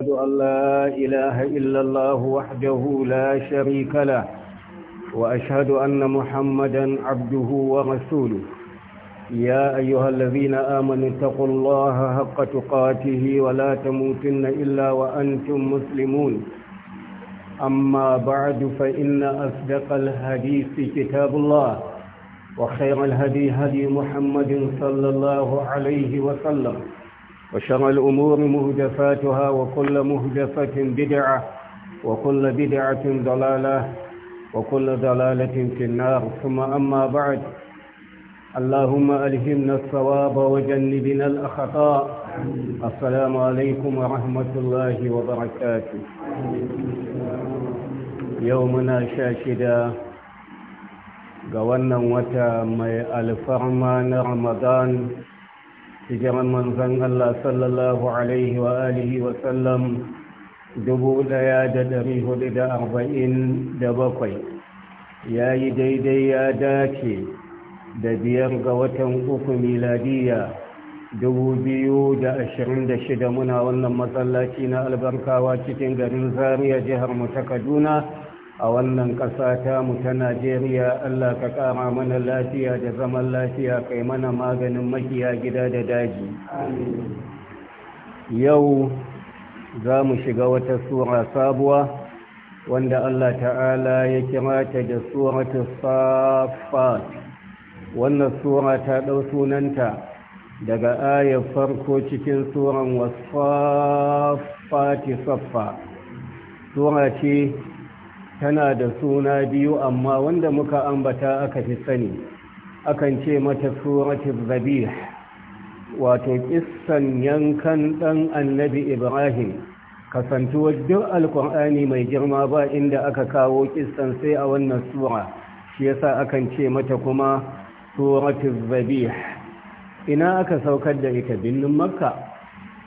أشهد أن لا إله إلا الله وحده لا شريك له وأشهد أن محمدا عبده ورسوله يا أيها الذين آمنوا اتقوا الله حق تقاته ولا تموتن إلا وأنتم مسلمون أما بعد فإن أصدق الحديث كتاب الله وخير الهدي هدي محمد صلى الله عليه وسلم وشر الأمور مهدفاتها وكل مهدفة بدعة وكل بدعة ضلالة وكل ضلالة في النار ثم أما بعد اللهم ألهمنا الصواب وجنبنا الأخطاء السلام عليكم ورحمة الله وبركاته يومنا شاشدا قوانا وتا ما الفرمان رمضان hijiran manzan Allah sallallahu alaihi wa alihi wa sallam dubu daya da dari hudu da arba'in da bakwai ya yi daidai ya dace da biyar ga watan uku miladiya dubu biyu da ashirin da shida muna wannan matsalaci na albarkawa cikin garin Zariya, jihar mu ta kaduna a wannan ƙasa ta mu ta najeriya allah ka ƙara mana lafiya da zaman lafiya kai mana maganin makiya gida da daji yau za mu shiga wata sura sabuwa wanda allah ta'ala ya kira ta da suratu safat wannan sura ta ɗau sunanta daga ayar farko cikin suran Fati saffa sura ce tana da suna biyu amma wanda muka ambata aka fi sani akan ce mata suratul zabih wato kissan yankan dan annabi ibrahim kasantuwar duk alkur'ani mai girma ba inda aka kawo kissan sai a wannan sura shi yasa akan ce mata kuma suratul zabih ina aka saukar da ita binnin makka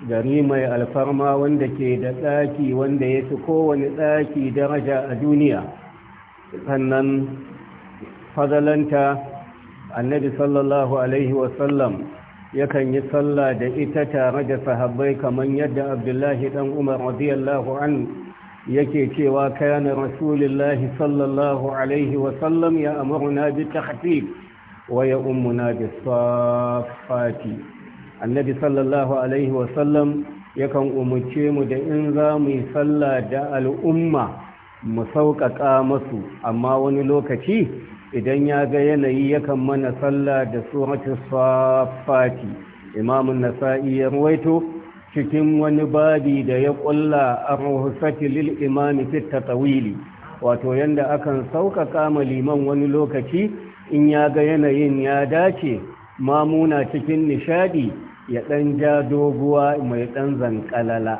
gari mai alfarma wanda ke da tsaki wanda ya fi kowane tsaki daraja a duniya sannan fadalanta annabi sallallahu alaihi wasallam yakan yi sallah da ita tare da sahabbai kamar yadda abdullahi dan umar radiyallahu an yake cewa kana rasulullahi sallallahu alaihi wasallam ya amurna bi tahqiq wa ya ummuna bi safati annabi sallallahu alaihi wasallam yakan umarce mu da in za mu yi sallah da al'umma mu sauƙaƙa masu amma wani lokaci idan ya ga yanayi yakan mana sallah da suratu safati imamun nasa'i ya ruwaito cikin wani babi da ya ƙulla a lil imami fit wato yanda akan sauƙaƙa ma liman wani lokaci in ya ga yanayin ya dace mamuna cikin nishadi ya ɗan ja doguwa mai ɗan zankalala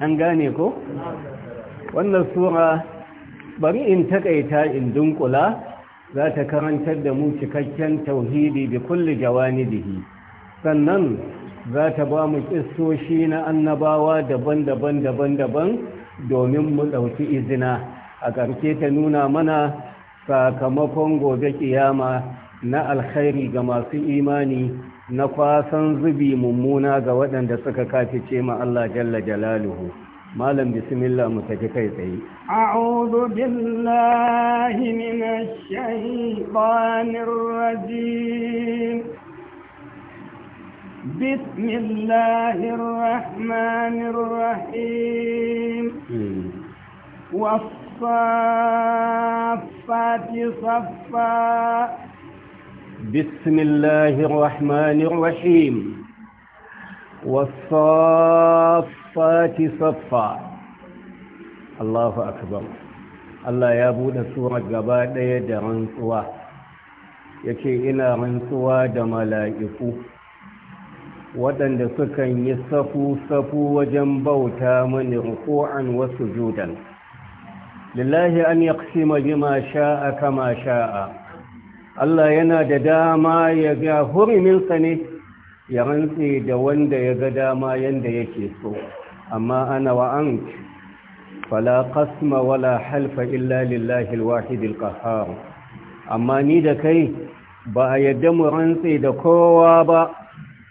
an gane ko? wannan sura bari in takaita in dunkula za ta karantar da mu cikakken tauhidi da kulli jawanidihi sannan za ta ba mu na annabawa daban-daban daban-daban domin mu ɗauki izina a ƙarshe ta nuna mana sakamakon gobe kiyama na alkhairi ga masu imani na kwasan zubi mummuna ga waɗanda suka kafice ma Allah jalla jalaluhu malam bismillah mu tafi kai tsaye a'udhu billahi minash shaitanir rajim bismillahir rahmanir rahim hmm. wasaffati saffa بسم الله الرحمن الرحيم والصفات صفا الله أكبر الله يا أبو سورة قبا ديد رنسوا يكي إلى رنسوا دملائفو ودن دسكا يصفو صفو وجنبو تامن رقوعا وسجودا لله أن يقسم بما شاء كما شاء Allah yana da dama ya ga huruminsa ne ya rantse da wanda ya ga dama yadda yake so amma ana wa an fala wala halfa illa lillahi alwahidil qahhar amma ni da kai ba a yadda mu rantse da kowa ba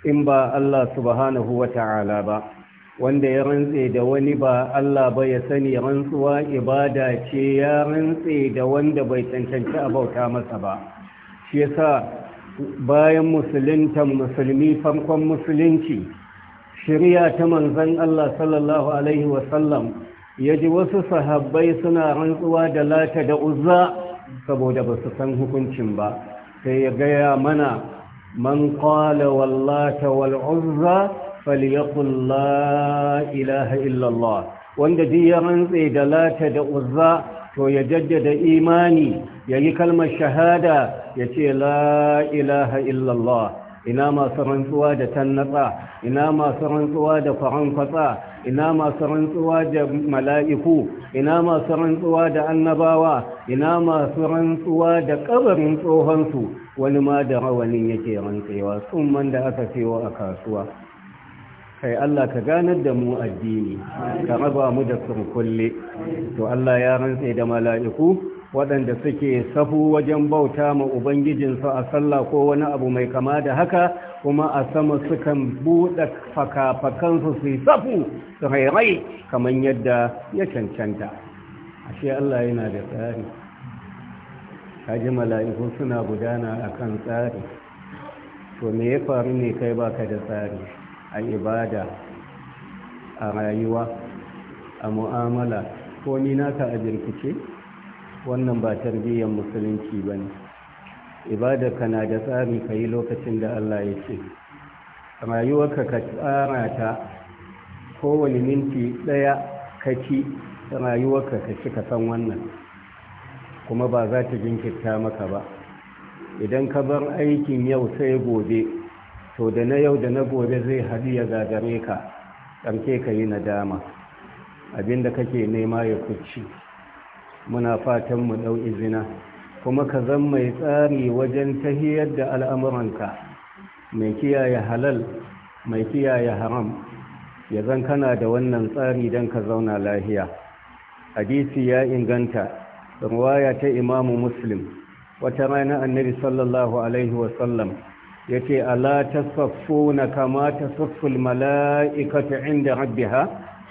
in ba Allah subhanahu ta'ala ba wanda ya rantse da wani ba Allah ba ya sani rantsuwa ibada ce ya rantse da wanda bai cancanci a bauta masa ba shi yasa bayan musulunta musulmi farkon musulunci shirya ta manzan Allah sallallahu alaihi wasallam ya ji wasu sahabbai suna rantsuwa da lata da uzza saboda ba su san hukuncin ba sai ya gaya mana man qala wallata wal uzza falyaqul la ilaha illallah wanda duk ya rantse da lata da uzza to ya jaddada imani ya yi kalmar shahada ya ce la ilaha illallah ina masu rantsuwa da tannatsa ina masu rantsuwa da farankwatsa ina masu rantsuwa da mala'iku ina masu rantsuwa da annabawa ina masu rantsuwa da kabarin tsohonsu wani ma da rawanin yake rantsewa sun man da aka cewa a kasuwa kai Allah ka ganar da mu addini ka raba mu da kulle. to Allah ya rantse da mala'iku waɗanda suke safu wajen bauta ma ubangijinsu a sallah ko wani abu mai kama da haka kuma a sama sukan buɗe fakafakansu su yi safu su rairai kamar yadda ya cancanta ashe Allah yana da tsari kaji mala'iku suna gudana akan tsari to me ya faru ne kai baka da tsari a ibada a rayuwa a mu'amala ko ni naka a jirkice wannan ba tarbiyyar musulunci ba ne ka na da tsari ka yi lokacin da allah ya ce rayuwarka ka tsara ta kowane minti ɗaya kaci rayuwarka ka ci ka san wannan kuma ba za ta jinkirta maka ba idan ka bar aikin yau sai gobe to da na yau da na gobe zai haɗu ya gagare ka ƙarfe ka yi nadama abinda kake nema ya kuci muna fatan mu ɗau izina kuma ka zan mai tsari wajen ta hiyar da al'amuranka mai kiyaye halal mai kiyaye haram ya zan kana da wannan tsari don ka zauna lahiya hadisi ya inganta ruwaya ta imamu muslim wata rana annabi sallallahu alaihi wasallam ya ce ala na kamata tasafful mala'ikatu inda rabbiha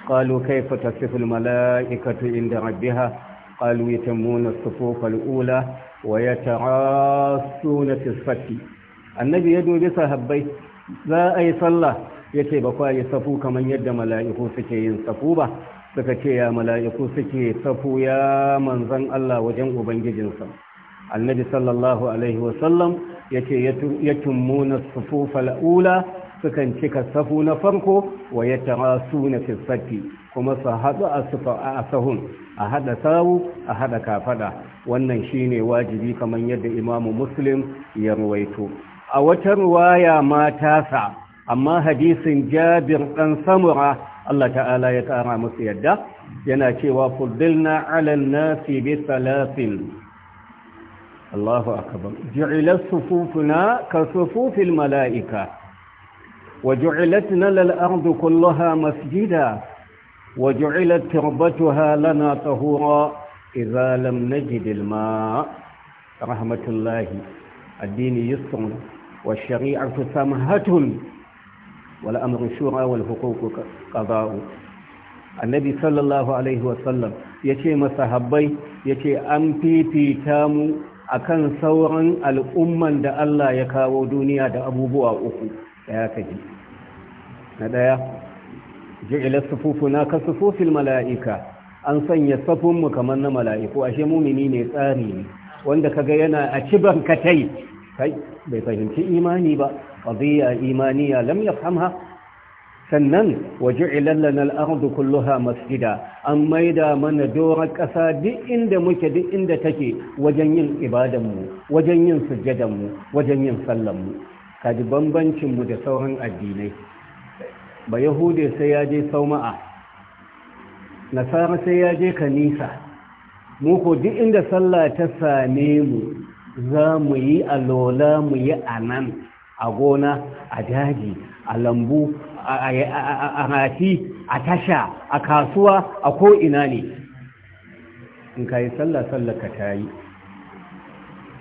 qalu kayfa tasifful mala'ikatu inda ha, qalu ya as-sufufa al-ula wa yata'assuna fi as-safi annabi ya dubi sahabbai za a yi sallah yace ba kwa yi safu kamar yadda mala'iku suke yin safu ba suka ce ya mala'iku suke safu ya manzon Allah wajen ubangijinsa annabi sallallahu alaihi wasallam Ya ce ya sufufa al-ula sukan cika safu na farko wa yatarasuna fi safi kuma su haɗu a sahun a haɗa sawu a haɗa kafaɗa wannan shine wajibi kamar yadda imamu muslim ya ruwaito a wata ruwaya ma tasa amma hadisin jabir ɗan samura Allah ta'ala ya ƙara musu yadda yana cewa fuddilna ala nasi bi salatin الله أكبر جعلت صفوفنا كصفوف الملائكة وجعلتنا للأرض كلها مسجدا وجعلت تربتها لنا طهورا إذا لم نجد الماء رحمة الله الدين يسر والشريعة سمهة والأمر شورى والحقوق قضاء النبي صلى الله عليه وسلم ce masahabbai ya ce an fifita akan sauran al'umman da Allah ya kawo duniya da abubuwa uku ya kaji na daya ji'ila na ka sufufil mala'ika an sanya safunmu kamar na mala'iku ashe mumini ne tsari ne wanda kaga yana a ciban katai bai fahimci imani ba qadiyya imaniya lam yafhamha sannan waje ilallanar ardu kulluha masjida an maida mana doron ƙasa duk inda muke duk inda take wajen yin ibadanmu wajen yin sujjadanmu wajen yin sallanmu kaji bambancinmu da sauran addinai ba yahude sai ya je sauma'a nasara sai ya je kanisa muku duk inda sallah ta same mu za mu yi alola mu yi a nan, a gona a daji a lambu a rafi a tasha a kasuwa a ko ina ne in ka yi sallah sallah ka tayi.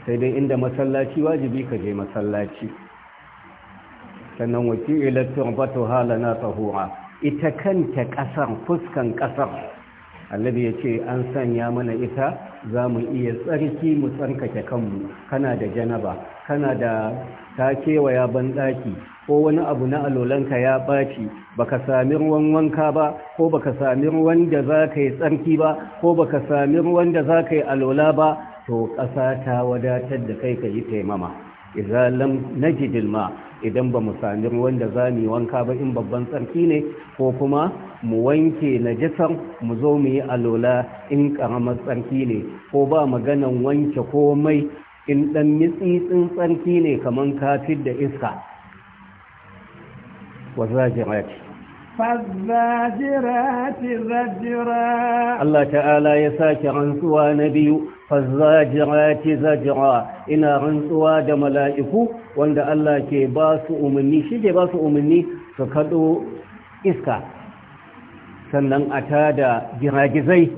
sai dai inda masallaci wajibi ka je masallaci sannan wakil ilattun na halana hura ita kanta ƙasar fuskan ƙasar Allabi ya ce an sanya mana ita za mu iya tsarki mu tsarkake kanmu kana da janaba kana da ta kewaya banɗaki ko wani abu na alolanka ya ɓaci baka sami ruwan wanka ba ko baka sami ruwan da za ka yi tsarki ba ko baka sami ruwan da za ka yi alola ba to ƙasa ta wadatar da kai ka yi taimama idza lam najidil ma idan ba mu sami ruwan da za mu wanka ba in babban tsarki ne ko kuma mu wanke najasar mu zo mu yi alola in karamar tsarki ne ko ba maganan wanke komai in dan mitsitsin tsarki ne kaman kafir da iska wa ta'ala ya sake rantsuwa na biyu fazzajirati zajira ina rantsuwa da mala'iku wanda Allah ke ba su umarni shi ke ba su umarni su kaɗo iska sannan a tada giragizai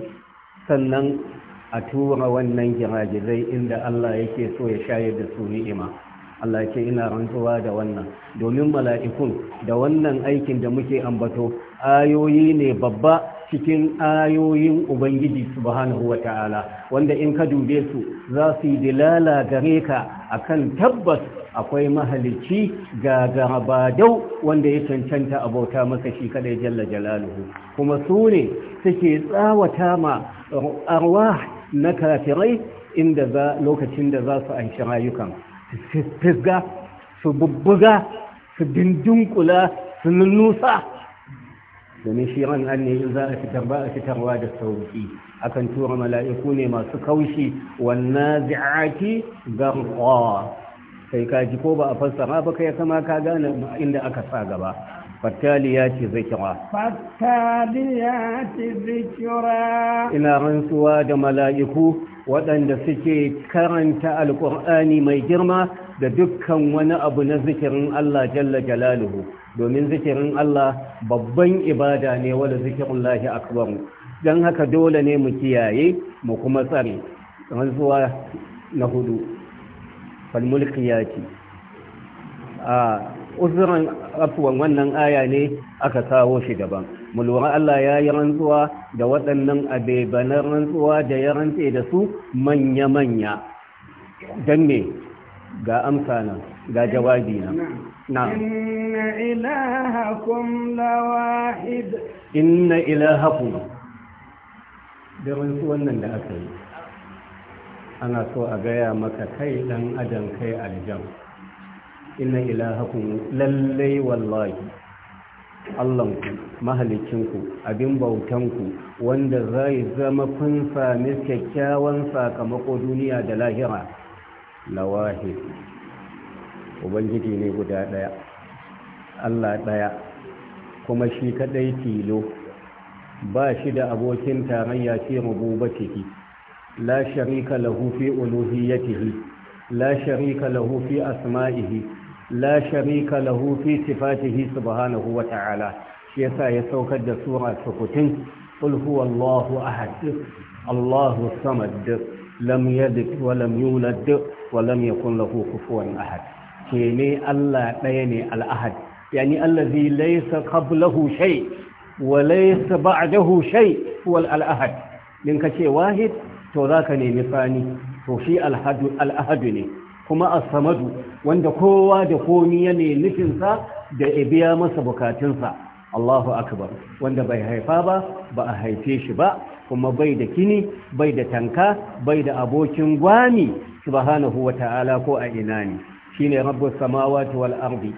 sannan a tura wannan giragizai inda Allah yake so ya shayar da su ni'ima Allah ce ina rantsuwa da wannan domin mala'ikun da wannan aikin da muke ambato ayoyi ne babba cikin ayoyin ubangiji subhanahu wa ta'ala wanda in ka dube su za su yi dilala gare ka kan tabbas akwai mahalicci ga garabadau wanda ya cancanta abota masa shi kadai jalla jalaluhu kuma su ne suke tsawata ma arwa na kafirai inda za lokacin da za su anshi rayukan fisga su bubbuga su dindinkula su nunusa domin shi ran an ne in za a fitar ba a fitarwa da sauki akan tura mala'iku ne masu kaushi wannan zi'ati garqa sai ka ji ko ba a fassara ba kai kama ka gane inda aka sa gaba Fattali ya fattaliyat zikira. ina rantsuwa da mala'iku waɗanda suke karanta Alƙur'ani mai girma da dukkan wani abu na zikirin Allah jalla jalaluhu domin zikirin Allah babban ibada ne wala lahi akbar Don haka dole ne mu kiyaye mu kuma tsare kamar zuwa na hudu fal a uzuran afuwan wannan aya ne aka kawo shi gaban lura Allah ya yi rantsuwa da waɗannan abebanar rantsuwa da ya rantse da su manya-manya don ne, ga amsa nan ga jawabi nan إن da rantsuwan nan da aka yi ana so a gaya maka kai dan adam kai aljan inna ilahakum lallai wallahi allahnku mahalikinku abin bautanku wanda zai zama kun sami kyakkyawan sakamako duniya da lahira lawahid ubangiji ne guda ɗaya allah ɗaya kuma shi kaɗai tilo ba shi da abokin tarayya ce ciki. la sharika lahu fi uluhiyatihi la sharika lahu fi asma'ihi la sharika lahu fi sifatihi subhanahu wa ta'ala shi yasa ya saukar da sura sukutin qul huwallahu ahad allahu samad lam yalid wa lam yulad wa lam yakun lahu kufuwan ahad kene Allah ɗaya ne al'ahad yani allazi laisa qablahu shay wa laisa ba'adahu shai. huwa al'ahad din ka ce wahid to zaka nemi sani to shi al'ahadu ne kuma a samadu wanda kowa da komi ya ne nufinsa sa da ibiya masa bukatunsa Allahu akbar wanda bai haifa ba ba a haife shi ba kuma bai da kini bai da tanka bai da abokin gwani subhanahu wata'ala ko a ina ne shine rabbus samawati wal ardi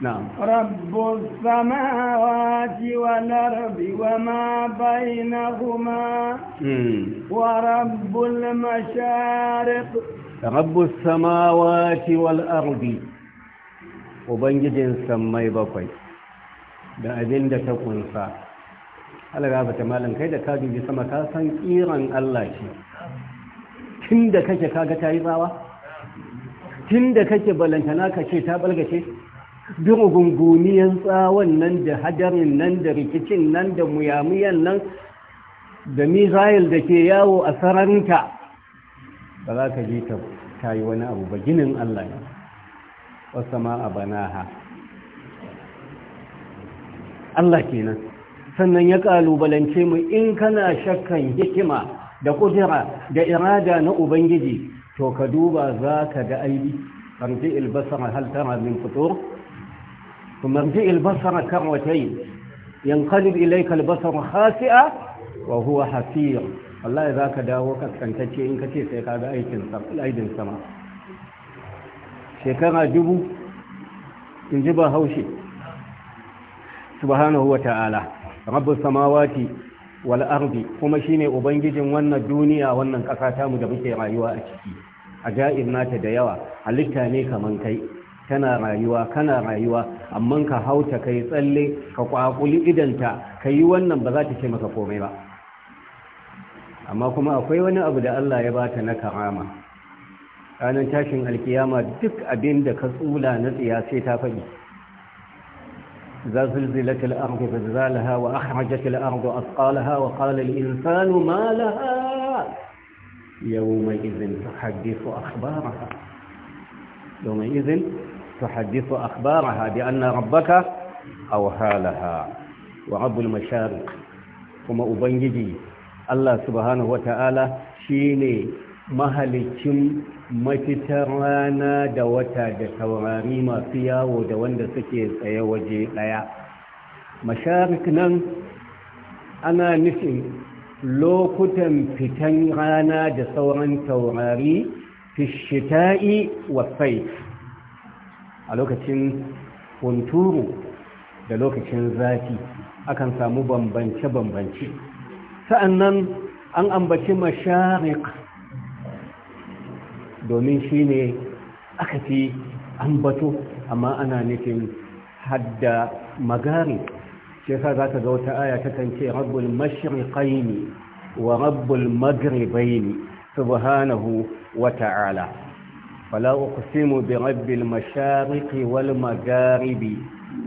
na'am rabbus samawati wal ardi wama bainahuma hmm. wa rabbul mashariq rabbus samawati wal ardi ubangijin sammai bakwai da abin da ta kunsa alaga ta malam kai da ka sama ka san kiran Allah ce tun da kake kaga tayi tsawa tun da kake balantana ka ce ta balgace duk gunguniyan tsawon nan da hadarin nan da rikicin nan da muyamuyan nan da misayil da ke yawo a sararinta ba za ka ji ta yi wani abu ba ginin allah ne wasu bana banaha allah kenan sannan ya kalubalance mu in kana shakkan hikima da kudura da irada na ubangiji to ka duba za ka ga aini farji ilbasara hal tara min fitur kuma rji ilbasara karwatai yanqalib ilayka albasaru khasi'a wa huwa hasir wallahi za ka dawo kaskantacce in ka ce sai ka ga aikin sama shekara dubu in ji ba haushe subhanahu wa ta'ala rabbus samawati wal ardi kuma shine ubangijin wannan duniya wannan kasa ta mu da muke rayuwa a ciki ajaib nata da yawa halitta ne kaman kai kana rayuwa kana rayuwa amma ka hauta kai tsalle ka kwakuli idanta ka yi wannan ba za ta ce maka komai ba amma kuma akwai wani abu da Allah ya bata na karama ranar tashin alkiyama duk abin da ka tsula na tsiya sai ta faɗi إذا زلزلت الأرض زلزالها وأخرجت الأرض أثقالها وقال الإنسان ما لها يومئذ تحدث أخبارها يومئذ تحدث أخبارها بأن ربك أوهى لها ورب المشارق kuma ubangiji الله سبحانه وتعالى شيني mahalicin mafitar rana da wata da taurari masu yawo da wanda suke tsaye waje ɗaya masharik nan ana nufin lokutan fitan rana da sauran taurari fishita'i wasai a lokacin hunturu da lokacin zafi akan samu bambance-bambance sa'annan an ambaci masharik domin shi ne aka fi ambato amma ana nufin hadda magari shi yasa za ta ga wata aya ta kan ce rabbul mashriqaini wa rabbul magribaini subhanahu wa ta'ala fala uqsimu bi rabbil mashariqi wal magharibi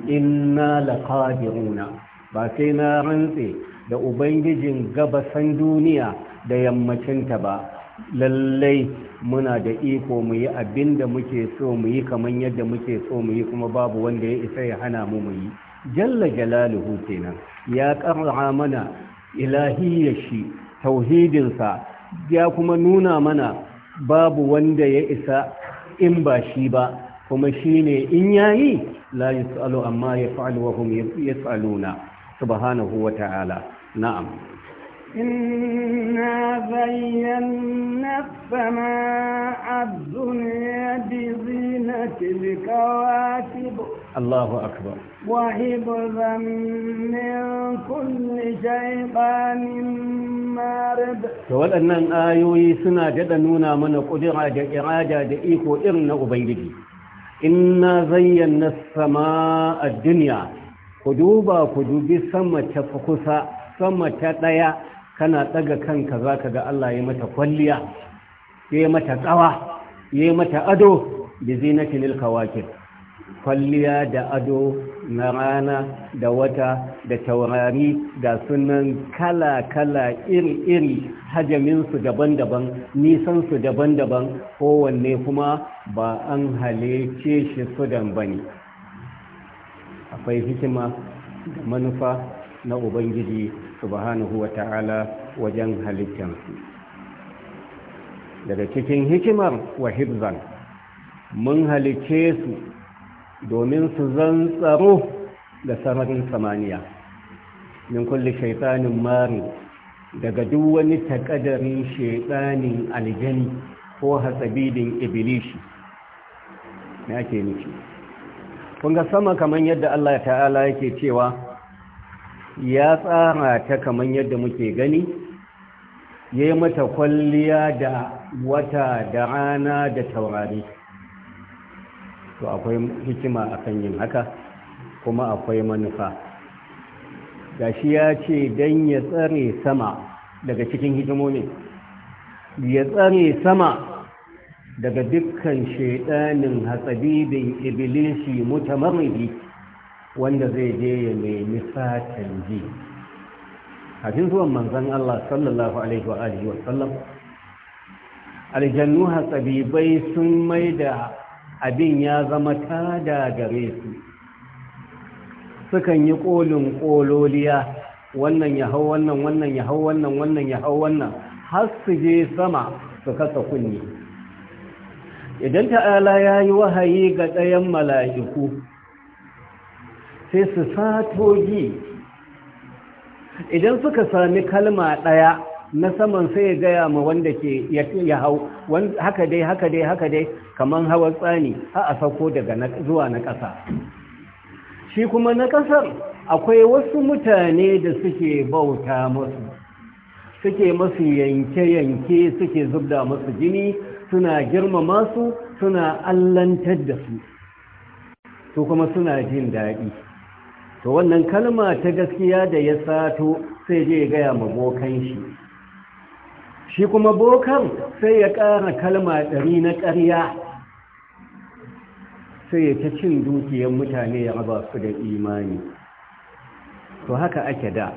inna laqadiruna ba sai na rantse da ubangijin gabasan duniya da yammacinta ba lallai muna da iko mu yi abin da muke so mu yi kamar yadda muke so mu yi kuma babu wanda ya isa ya hana mu mu yi jalla jalaluhu kenan ya ƙara mana ilahiyar shi tauhidinsa ya kuma nuna mana babu wanda ya isa in ba shi ba kuma shi ne in yayi la tsalo amma yaf'alu wa hum yas'aluna subhanahu wa ta'ala na'am إنا زينا السماء الدنيا بزينة الكواكب الله أكبر وحفظا من كل شيطان مارد waɗannan ayoyi suna daɗa nuna mana ƙudura da irada da iko irin na ubangiji inna zayyana sama a duniya ku duba ku dubi sama ta kusa sama ta ɗaya kana tsaga kanka za ka ga Allah ya mata kwalliya ya mata tsawa, ya mata ado da zinatin ilkawakin kwalliya da ado na rana da wata da taurari da sunan kala-kala iri-iri hajjaminsu daban-daban nisansu daban-daban kowanne kuma ba an halice shi sudan ba ne akwai hikima da manufa na ubangiji subhanahu wa ta'ala wajen halittansu daga cikin hikimar wa hibzan mun halice su domin su zan tsaro da sararin samaniya min kulle shaitanin mari daga duk wani takadarin shaitanin aljani ko hasabidin ibilishi na ke nufi kun ga sama kamar yadda Allah ta'ala yake cewa ya tsara ta kamar yadda muke gani ya yi mata kwalliya da wata da rana da taurari to akwai hikima akan yin haka kuma akwai manufa ga shi ya ce don ya tsare sama daga cikin hikimomi ya tsare sama daga dukkan shaidanin hatsabibin ibilishi mutamarribi wanda zai je ya nemi fatan ji kafin zuwan manzon Allah sallallahu alaihi wa alihi wa sallam aljannu hasabibai sun maida abin ya zama tada gare su sukan yi kolin kololiya wannan ya hau wannan wannan ya hau wannan wannan ya hau wannan har su je sama su kasa kunni idan ta'ala ya yi wahayi ga ɗayan mala'iku sai su satogi idan suka sami kalma ɗaya na saman sai ya gaya ma wanda ke ya hau haka dai haka dai haka dai kamar hawan tsani a a sauko daga zuwa na ƙasa shi kuma na ƙasar akwai wasu mutane da suke bauta musu suke masu yanke-yanke suke zubda masu jini suna girmama su suna allantar da su su kuma suna jin daɗi to wannan kalma ta gaskiya da ya sato sai je gaya ma bokan shi shi kuma bokan sai ya ƙara kalma ɗari na ƙarya sai ya ta cin dukiyar mutane ya raba su da imani to haka ake da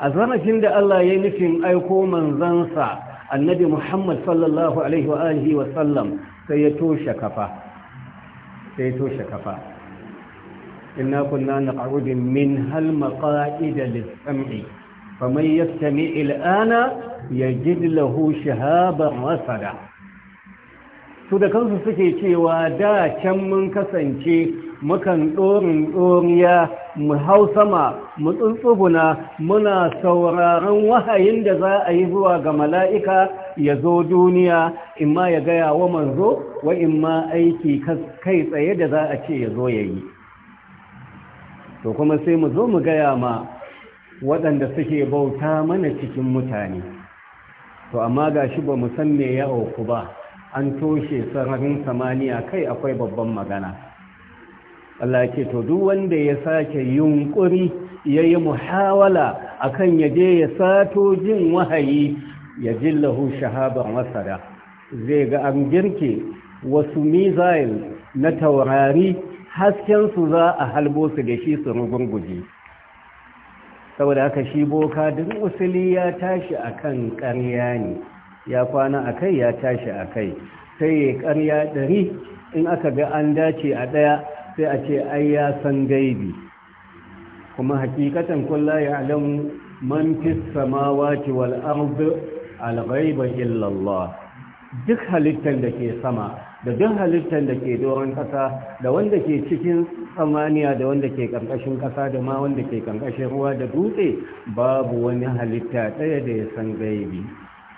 a zarafin da Allah ya nufin aiko manzansa annabi Muhammad sallallahu alaihi wa alihi sallam sai ya toshe kafa sai ya toshe kafa إنا كنا نقعد منها المقائد للسمع فمن يستمع الآن يجد له شهابا رصدا su da kansu suke cewa da can mun kasance mukan ɗorin ɗoriya mu hau sama mu tsuntsuguna muna sauraron wahayin da za a yi zuwa ga mala'ika ya zo duniya ma ya gaya wa manzo wa ma aiki kai tsaye da za a ce ya zo ya yi to kuma sai mu zo mu gaya ma waɗanda suke bauta mana cikin mutane to amma ga shi ba mu san me ya auku ba an toshe sararin samaniya kai akwai babban magana Allah ce to duk wanda ya sake yunkuri ya yi muhawala akan ya je ya sato jin wahayi ya jillahu shahaban masara zai ga an girke wasu mizail na taurari Hasken su za a halbo su da shi su guji. saboda aka shi boka duk usuli ya tashi akan ƙarya ne ya kwana akai ya tashi akai sai ya ƙarya ɗari in aka ga an dace a ɗaya sai a ce ai ya san gaibi kuma hakikatan kulla ya alam man fis samawati wal ardi al ghaiba illa duk halittar da ke sama da duk halittar da ke doron ƙasa da wanda ke cikin samaniya da wanda ke karkashin ƙasa da ma wanda ke ƙarƙashin ruwa da dutse babu wani halitta ɗaya da ya san gaibi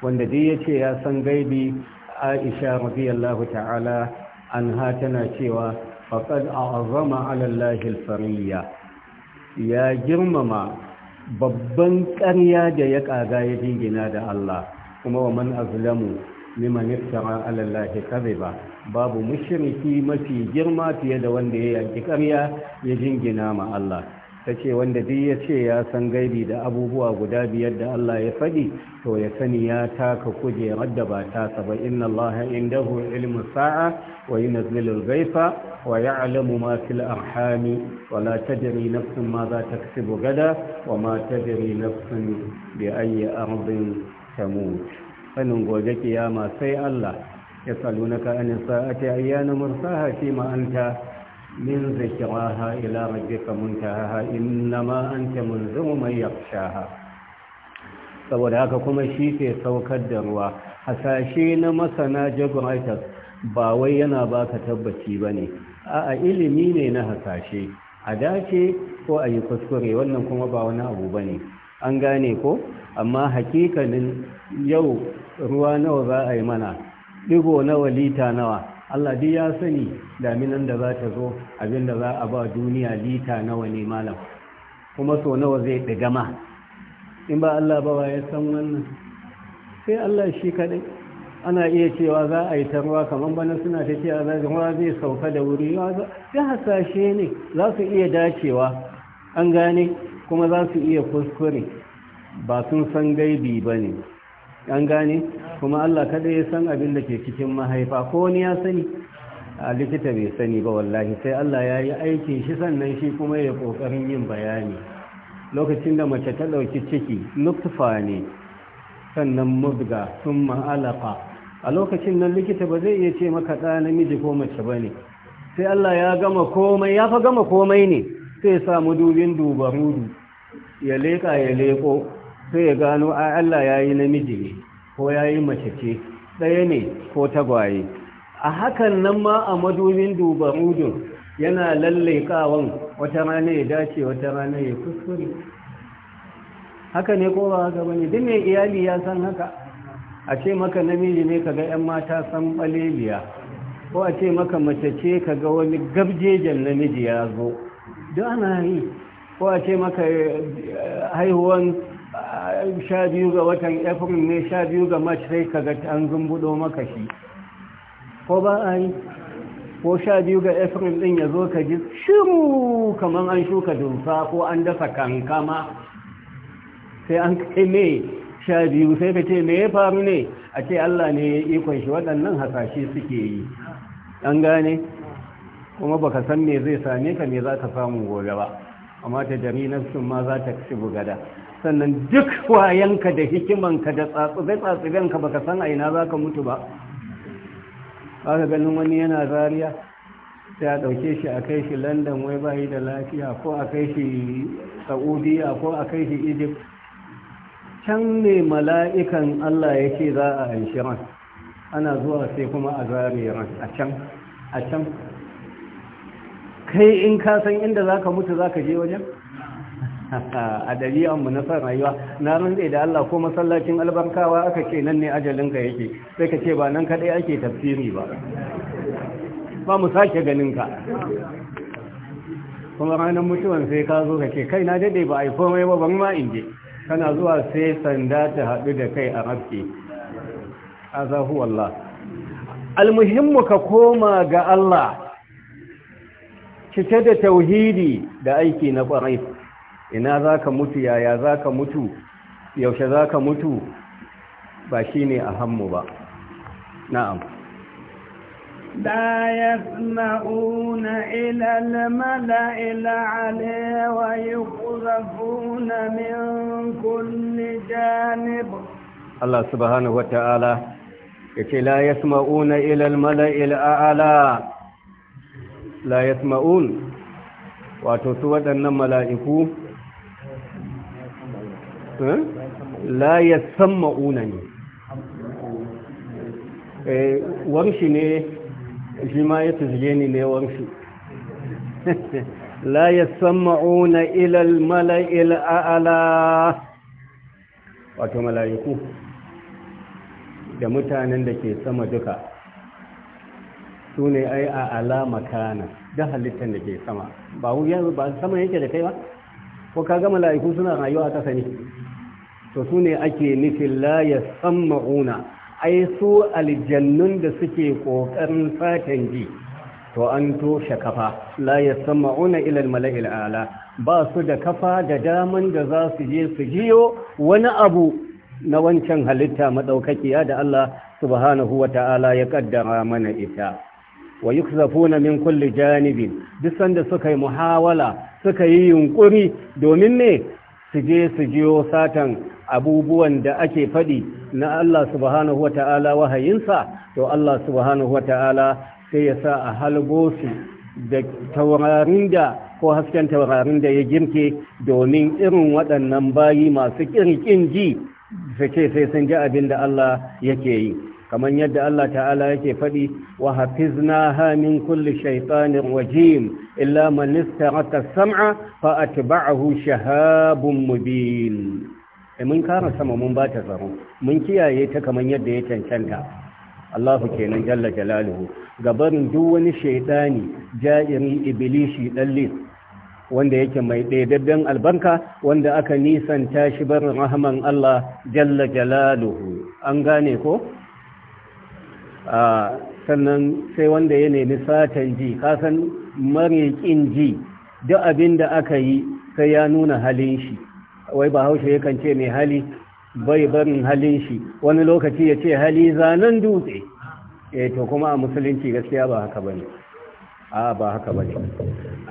wanda dai ya ce ya san gaibi aisha radiyallahu ta'ala anha tana cewa faqad a'zama 'ala allahi al-fariyya ya girmama babban ƙarya da ya ƙaga ya dingina da Allah kuma wa man azlamu liman iftara ala allahi kadhiba babu mushriki mafi girma fiye da wanda ya yanki ƙarya ya jingina ma Allah tace wanda duk ya ce ya san gaibi da abubuwa guda biyar da Allah ya faɗi to ya sani ya taka kujerar da ba ta saba inna allaha indahu ilmu sa'a wa yunzilu al-ghaifa ويعلم ما في الأرحام ولا تدري نفس ماذا تكسب غدا وما تدري نفس بأي أرض تموت sanin gobe kiyama sai Allah ya salunaka an sa'ati ayyana mursaha fi ma min zikraha ila rabbika muntaha innama anta munziru man yakhshaha saboda haka kuma shi ke saukar da ruwa hasashe na masana jagoratas ba wai yana baka tabbaci bane a'a ilimi ne na hasashe a dace ko a yi kuskure wannan kuma ba wani abu bane an gane ko amma hakikanin yau ruwa nawa za a yi mana digo nawa lita nawa Allah duk ya sani daminan da za ta zo abinda za a ba duniya lita nawa ne malam kuma so nawa zai ɗiga in ba Allah ba ya san wannan sai Allah shi kaɗai ana iya cewa za a yi ta ruwa kamar bana suna ta ce a ruwa zai sauka da wuri ya hasashe ne za su iya dacewa an gane kuma za su iya kuskure ba sun san gaibi ba ne an gane kuma Allah kada ya san abin da ke cikin mahaifa ko wani ya sani a likita bai sani ba wallahi sai Allah ya yi aikin shi sannan shi kuma ya kokarin yin bayani lokacin da mace ta ɗauki ciki nutfa ne sannan mudga sun ma'alaka a lokacin nan likita ba zai iya ce maka ɗa namiji ko mace ba ne sai Allah ya gama komai ya fa gama komai ne sai ya samu dubin dubarudu ya leƙa ya leƙo sai ya gano a Allah ya yi namiji ne ko ya yi mace ce ɗaya ne ko tagwaye a hakan nan ma a madubin duba mudun yana kawon wata rana ya dace wata rana ya kuskure haka ne ko ba haka bane duk mai iyali ya san haka a ce maka namiji ne kaga yan mata san baleliya ko a ce maka mace ce kaga wani gabjejen namiji ya zo duk ana yi ko a ce maka eh, haihuwan sha biyu ga watan Efirin ne sha biyu ga mace sai ka ga an zumbudo maka shi ko ba a yi ko sha biyu ga Efirin din ya zo ka ji shiru kamar an shuka dunsa ko an dafa kankama sai an kai me sha biyu sai ka ce me ya faru ne a ce allah ne ya ikon shi waɗannan hasashe suke yi an gane kuma baka san me zai same ka me za ka samu gobe ba amma ta jami nafsin ma za ta ci bugada sannan duk wayanka da hikimanka da tsatsubai-tsatsubenka baka san aina za ka mutu ba aka ganin wani yana zariya sai a ɗauke shi a kai shi london wai bayi da lafiya ko a kai shi saudiya ko a kai shi egypt can ne mala'ikan allah ya ce za a anshi ran ana zuwa sai kuma a zariya ran a can a can kai in ka san inda za ka mutu za ka je wajen a mu na son rayuwa na rantse da Allah ko masallacin albarkawa aka ce nan ne ajalinka yake sai ka ce ba nan kaɗai ake tafsiri ba ba mu sake ganinka kuma ranar mutuwan sai ka zo ka ce kai na dade ba a yi komai ba ban ma inje kana zuwa sai sanda ta haɗu da kai a rafke azahu Allah almuhimmu ka koma ga Allah cike da tauhidi da aiki na ƙwarai ina za ka mutu yaya za ka mutu yaushe za ka mutu ba shi ne a hannu ba na'am da ya sma'una ilal mala'ila alewa yi ƙurafuna min kulli janib Allah subhanahu wa ta'ala ya ce la ya sma'una ilal mala'ila ala la ya wato su waɗannan mala'iku la ya ma'una ne eh, warshi ne shi ma ya tuzge ni ne warshi la ya san ma'una ilal mala'il a'ala wato mala'iku da mutanen da ke sama duka su ne ai a alama kana da halittar da ke sama ba wuyar ba sama yake da kai ba ko kaga mala'iku suna rayuwa a ƙasa to su ne ake nufin la ma'una sama'una ai su aljannun da suke ƙoƙarin fatan ji to an toshe kafa la ya ilal mala'il ala ba su da kafa da daman da za su je su jiyo wani abu na wancan halitta maɗaukakiya da Allah subhanahu wa ta'ala ya ƙaddara mana ita wa yukzafuna min kulli janibin duk sanda suka yi muhawala suka yi yunkuri domin ne su je su jiyo satan abubuwan da ake faɗi na Allah subhanahu wa ta'ala wahayinsa to Allah subhanahu wa ta'ala sai ya sa a halgo su da taurarin da ko hasken taurarin da ya girke domin irin waɗannan bayi masu ƙirƙin ji suke sai sun ji abin da Allah yake yi kamar yadda Allah ta'ala yake faɗi wa hafizna na min kulli shaytanin rajim illa man istaraka sam'a fa atba'ahu shahabun mubin mun kara sama mun ba ta tsaro mun kiyaye ta kamar yadda ya cancanta Allahu kenan jalla jalaluhu gabarin duk wani shaidani jairi ibilishi dalli wanda yake mai daidaddan albarka wanda aka nisanta shi barin rahman Allah jalla jalaluhu an gane ko a sannan sai wanda ya nemi satan ji kasan mariƙin ji duk abinda aka yi sai ya nuna halin shi wai ba haushe yakan ce mai hali bai barin halin shi wani lokaci ya ce hali zanen dutse E, to kuma a musulunci gaskiya ba haka bane a ba haka bane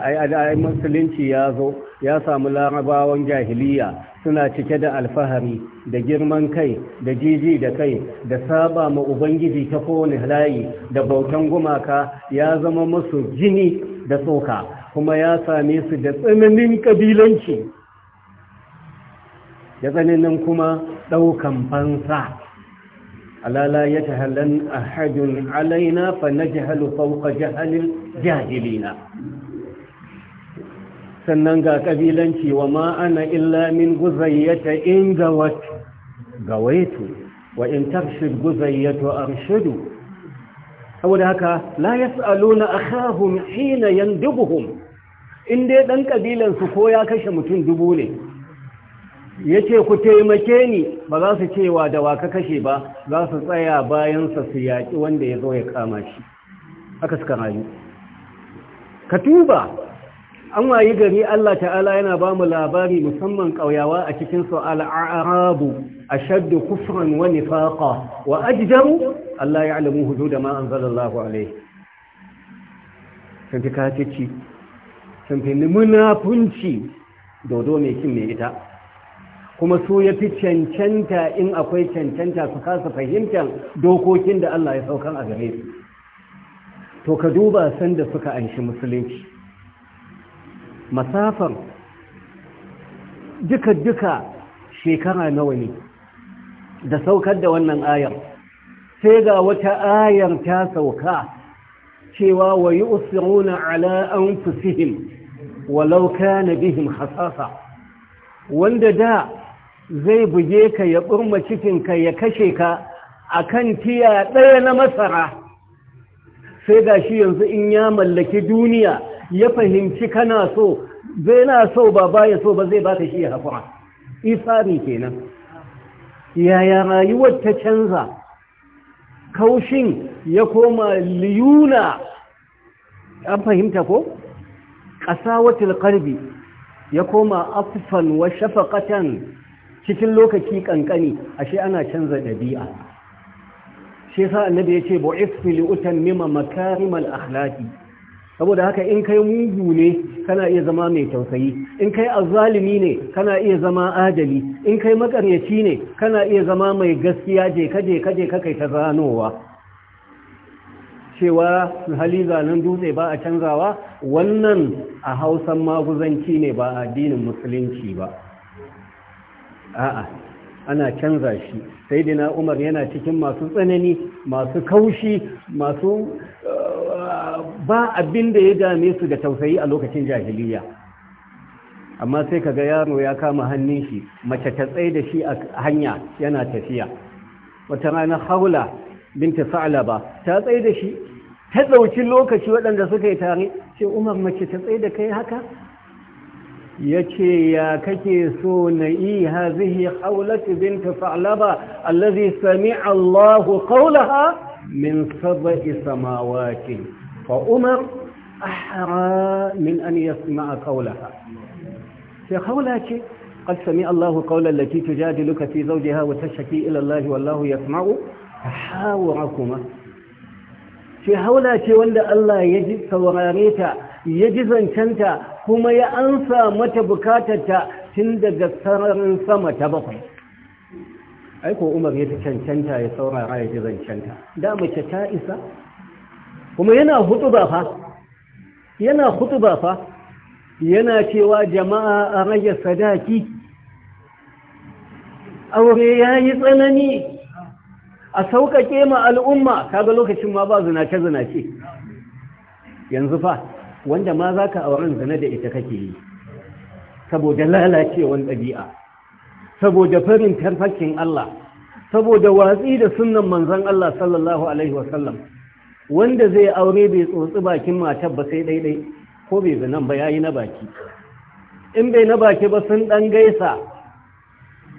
ai ai musulunci ya zo ya samu larabawan jahiliya suna cike da alfahari da girman kai da jiji da kai da saba ma ubangiji ta kowane layi da bautan gumaka ya zama musu jini da tsoka kuma ya same su da tsananin kabilanci da nan kuma ɗaukan fansa alala ya a ahadun alaina fa na jihalu fauka jihalin jahilina sannan ga ƙabilanci wa ma'ana ana illa min guzayyata in gawaitu wa in tafshid guzayyatu arshidu saboda haka la yas'aluna akhahum hina yandubuhum in dai ɗan kabilan ko ya kashe mutum dubu ne ya ce ku taimake ni ba za su cewa da wa ka kashe ba za su tsaya bayansa su yaƙi wanda ya zo ya kama shi haka suka rayu ka tuba an wayi gari Allah ta'ala yana ba mu labari musamman ƙauyawa a cikin su al'arabu ashaddu kufran wa nifaqa wa ajdaru Allah Ya ya'lamu hudud ma anzalallahu alayhi sun fi ci sun fi munafunci dodo mai kin mai ita kuma su ya fi cancanta in akwai cancanta su kasa fahimtar dokokin da Allah ya saukan a gare su to ka duba sanda suka anshi musulunci masafar duka-duka shekara nawa ne da saukar da wannan ayar sai ga wata ayar ta sauka cewa wa yi usiruna ala an fusihim walau na bihim hasasa wanda da zai buge ka ya ɓurma cikinka ya kashe ka a kan tiya ɗaya na masara sai ga shi yanzu in ya mallaki duniya ya fahimci kana so zai na so ba ba ya so ba zai baka shi ya haƙura isani kenan yaya rayuwar ta canza kaushin ya koma liyuna an fahimta ko ƙasa watil ya koma afifan wa shafaƙatan cikin lokaci kankani ashe ana canza dabi'a shi yasa annabi yace bu'ithu li utammima makarimal akhlaqi saboda haka in kai mugu ne kana iya zama mai tausayi in kai azzalimi ne kana iya zama adali in kai makaryaci ne kana iya zama mai gaskiya je ka je je ka kai ta zanowa cewa hali zanen dutse ba a canzawa wannan a hausan maguzanci ne ba a addinin musulunci ba a'a ana canza shi sai dina umar yana cikin masu tsanani masu kaushi masu uh, ba abin da ya dame su da tausayi a lokacin jahiliya amma sai kaga yaro ya kama hannun shi mace ta tsaye da shi a hanya yana tafiya wata rana haula binta sa'laba ta tsaye da shi ta ɗauki lokaci waɗanda suka yi tare sai umar mace ta tsaye da kai haka يكي يا كتي سوني هذه قولة بنت ثعلبة الذي سمع الله قولها من سبع سماوات فأمر أحرى من أن يسمع قولها في قولك قد سمع الله قول التي تجادلك في زوجها وتشكي إلى الله والله يسمع تحاوركما في هولا ce wanda Allah ya ji saurare kuma ya ansa mata bukatarta tun daga sararin sama ta bakwai aiko umar ya ta cancanta ya saurara ya ji zancanta da mace ta isa kuma yana hutu ba fa yana hutu ba fa yana cewa jama'a a rage sadaki aure ya yi tsanani a sauƙaƙe ma al'umma kaga lokacin ma ba zinace-zinace yanzu fa wanda ma za ka auren zane da ita kake yi saboda lalacewan ɗabi'a saboda farin tarfakin Allah saboda watsi da sunan manzan Allah sallallahu Alaihi wasallam wanda zai aure bai tsotsi bakin matar ba sai ɗaiɗai ko bai zanen ba ya yi na baki in bai na baki ba sun ɗan gaisa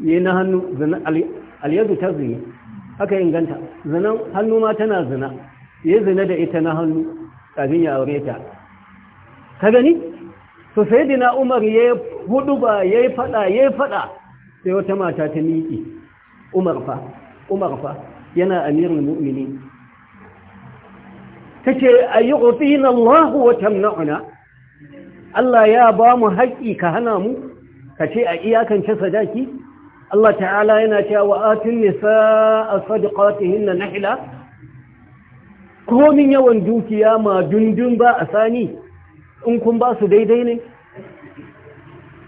yi na hannu alyadu ta zini haka inganta zanen hannu ma tana zina yi zina da ita na hannu kafin ya aure ta ka gani to sayyidina Umar ya hudu ba yayi fada yi fada sai wata mata ta miƙi Umar fa Umar fa yana amirul mu'minin tace ayyuqina Allah wa na'una. Allah ya ba mu haƙi ka hana mu ka ce a iyakance sadaki Allah ta'ala yana cewa wa atun nisaa sadaqatihinna nahila komin yawan dukiya ma dundun ba a sani in kun ba su daidai ne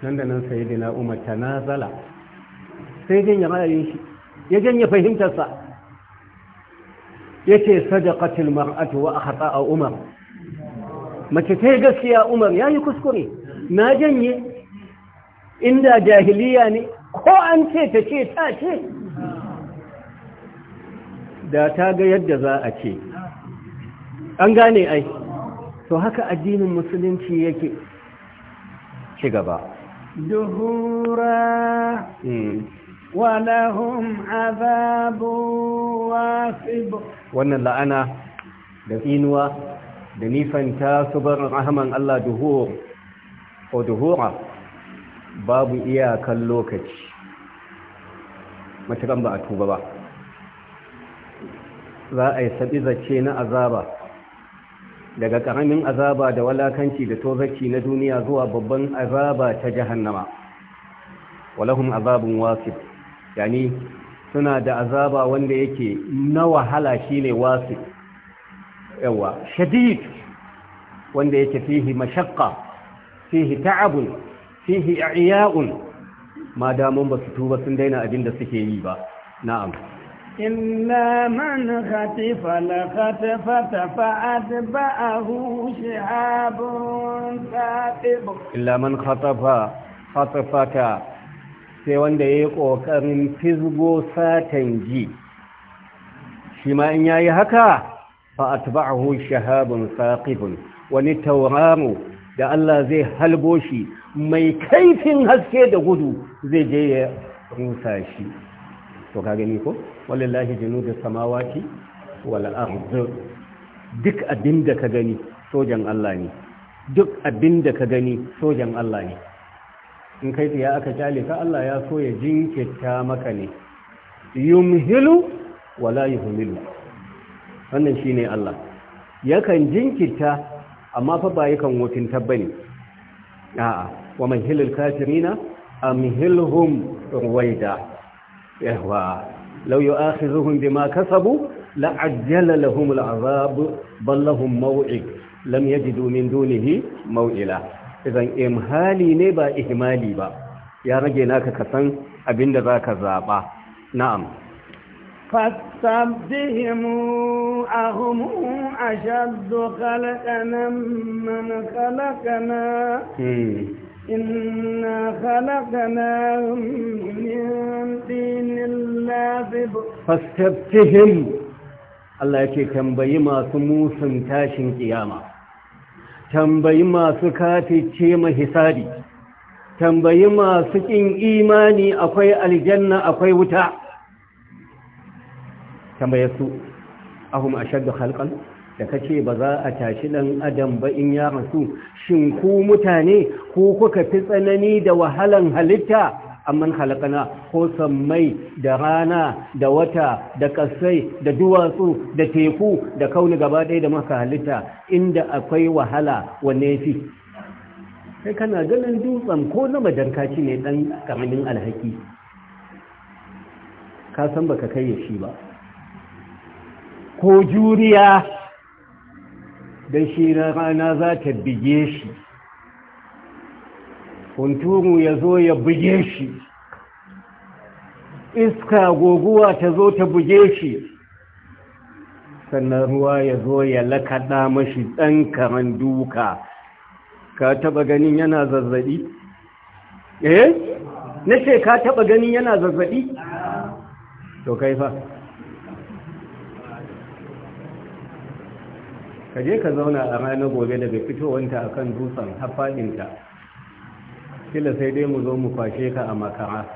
nan da nan sai dina umar ta nazala sai janye ra'ayin shi ya janye fahimtarsa ya ce sadaqatil mar'atu wa a umar mace ta yi gaskiya umar ya yi kuskure na janye inda jahiliya ne ko an ce ta ce ta ce da ta ga yadda za a ce an gane ai to haka addinin musulunci yake ci gaba duhura hmm. azabu wannan la'ana da inuwa da nifanta su barin rahaman Allah duhur ko duhura babu iyakan lokaci Matakan ba a tuba ba za a yi sabi zace na azaba daga ƙaramin azaba da walakanci da tozarci na duniya zuwa babban azaba ta jahannama walahum azabun wasif yani suna da azaba wanda yake na wahala shine wasif yawa shadid wanda yake fihi mashaqqa fihi ta'abun fihi i'ya'un ma damun basu tuba sun daina abin da suke yi ba na'am إلا من خطف لخطفة فأتبعه شهاب ثاقب إلا من خطف خطفك sai wanda ya yi ƙoƙarin fizgo satan ji shi ma in ya yi haka fa atba'ahu shahabun saqibun wani tauraro da Allah zai halbo shi mai kaifin haske da gudu zai je ya rusa shi to ka gani ko wallahi junudus samawati wal ard duk abin da ka gani sojan Allah ne duk abin da ka gani sojan Allah ne in kai ya aka kyale ka Allah ya so ya jinkirta maka ne yumhilu wala yuhmilu wannan shine Allah yakan jinkirta amma fa ba yakan wutin tabbani a'a wa man hilal kafirina amhilhum ruwaida إخوة لو يؤاخذهم بما كسبوا لعجل لهم العذاب بل لهم موعد لم يجدوا من دونه موئلا اذا إمهالي نبا إهمالي با يا رجي ناك كسن أبين ذاك الزابا نعم فاستبدهم أهم أشد خلقنا من خلقنا إنا خلقناهم من دين لازب فاستبتهم Allah yake tambayi masu musun tashin kiyama tambayi masu kafice mahisari tambayi masu kin imani akwai aljanna akwai wuta tambaye su ahum ashaddu khalqan da kace ba za a tashi dan adam ba in ya rasu shin ku mutane ku kuka fi tsanani da wahalan halitta amman halakana ko sammai da rana da wata da kasai da duwatsu da teku da kauni gaba ɗaya da maka halitta inda akwai wahala wanne nefi. sai kana ganin dutsen ko na madarkaci ne dan karamin alhaki ka san baka kai shi ba ko juriya don shi na rana za ta bige shi hunturu ya zo ya bige shi iska goguwa ta zo ta bige shi sannan ruwa ya zo ya lakaɗa mashi ɗan karen duka ka taɓa ganin yana zazzaɓi? eh? na ce ka taɓa ganin yana zazzaɓi? to kai fa ka je ka zauna a ranar gobe daga fitowanta akan dutsen har kila sai dai mu zo mu kwashe ka a makara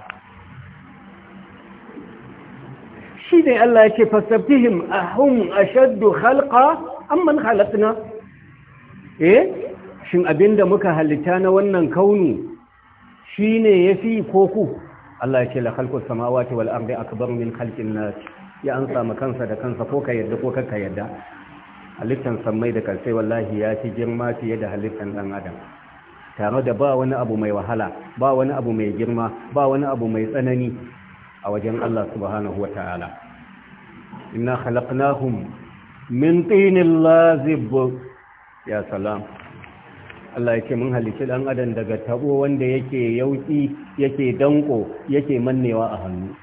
shi ne Allah ya ce fasabtihim shaddu ashaddu an man halatta eh shin abin da muka halitta na wannan kaunu shi shine yafi ko ku Allah ya ce la khalqu samawati wal ardi akbar min halkin nas ya ansa kansa da kansa ko ka yadda ko kaka yadda halittan sammai da karsai wallahi ya fi girma fiye da halittan ɗan adam tare da ba wani abu mai wahala ba wani abu mai girma ba wani abu mai tsanani a wajen Allah subhanahu wa ta'ala inna khalaqnahum min tinin lazib ya salam Allah yake mun halitta dan adam daga tabo wanda yake yauki yake danko yake mannewa a hannu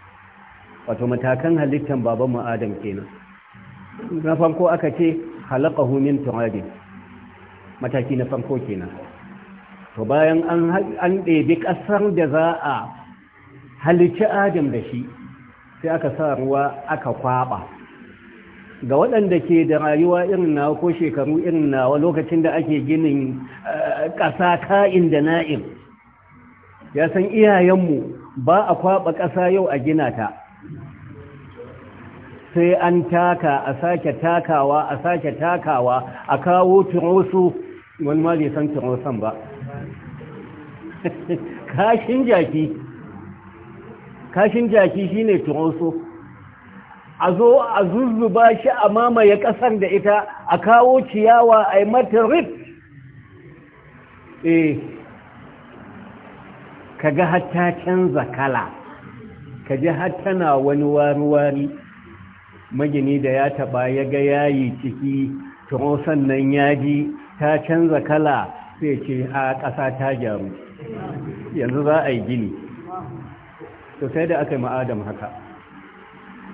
wato matakan halittan baban mu adam kenan na farko aka ce khalaqahu min turabin mataki na farko kenan to bayan an an ɗebi ƙasar da za a halicci adam da shi sai aka sa ruwa aka kwaba ga waɗanda ke da rayuwa irin nawa ko shekaru irin nawa lokacin da ake ginin eh, ƙasa ka'in da na'in ya san iyayenmu ba a kwaba ƙasa yau a gina ta sai an taka a sake takawa a sake takawa a kawo turosu wani ma zai san turosan ba kashin jaki kashin jaki shine turoso a zo a zuzzuba shi a mamaye kasar da ita a kawo ciyawa a yi mata rip eh kaga hatta canza kala kaji har tana wani wari-wari magini da ya taba ya ga yayi ciki to sannan yaji ta canza kala sai ce a ƙasa ta gyaru yanzu za a yi gini to sai da aka yi ma'adam haka